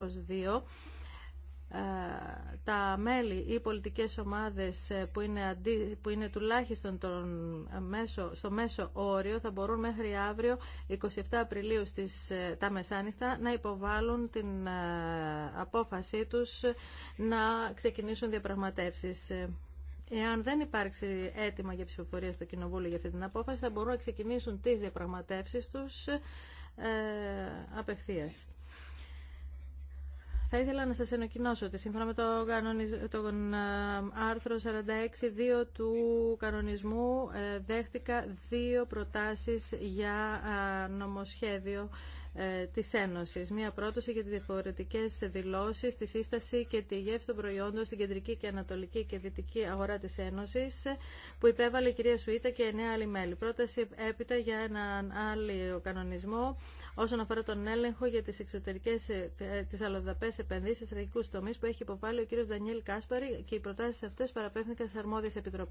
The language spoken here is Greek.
2 ε, τα μέλη ή πολιτικές ομάδες ε, που είναι, που είναι τουλάχιστον τον ε, μέσο, στο μέσο όριο θα μπορούν μέχρι αύριο 27 Απριλίου στις, τα μεσάνυχτα να υποβάλουν την απόφασή τους να ξεκινήσουν διαπραγματεύσεις. Εάν δεν υπάρξει αίτημα για ψηφοφορία στο Κοινοβούλιο για αυτή την απόφαση θα μπορούν να ξεκινήσουν τις διαπραγματεύσεις τους ε, απευθείας. Θα ήθελα να σας ενοκοινώσω ότι σύμφωνα με το τον ε, άρθρο 46.2 του κανονισμού ε, δέχτηκα δύο προτάσεις για ε, νομοσχέδιο ε, της Ένωσης. Μία πρόταση για τις διαφορετικές δηλώσεις, τη σύσταση και τη γεύση των προϊόντων στην κεντρική και ανατολική και δυτική αγορά της Ένωσης που υπέβαλε η κυρία Σουίτσα και εννέα άλλοι μέλη. Πρόταση έπειτα για έναν άλλο κανονισμό όσον αφορά τον έλεγχο για τις εξωτερικές ε, τις αλλοδαπές επενδύσεις τραγικού τομεί που έχει υποβάλει ο κύριος Δανιέλ Κάσπαρη και οι προτάσεις αυτές παραπέφθηκαν σε αρμόδιες επιτροπές.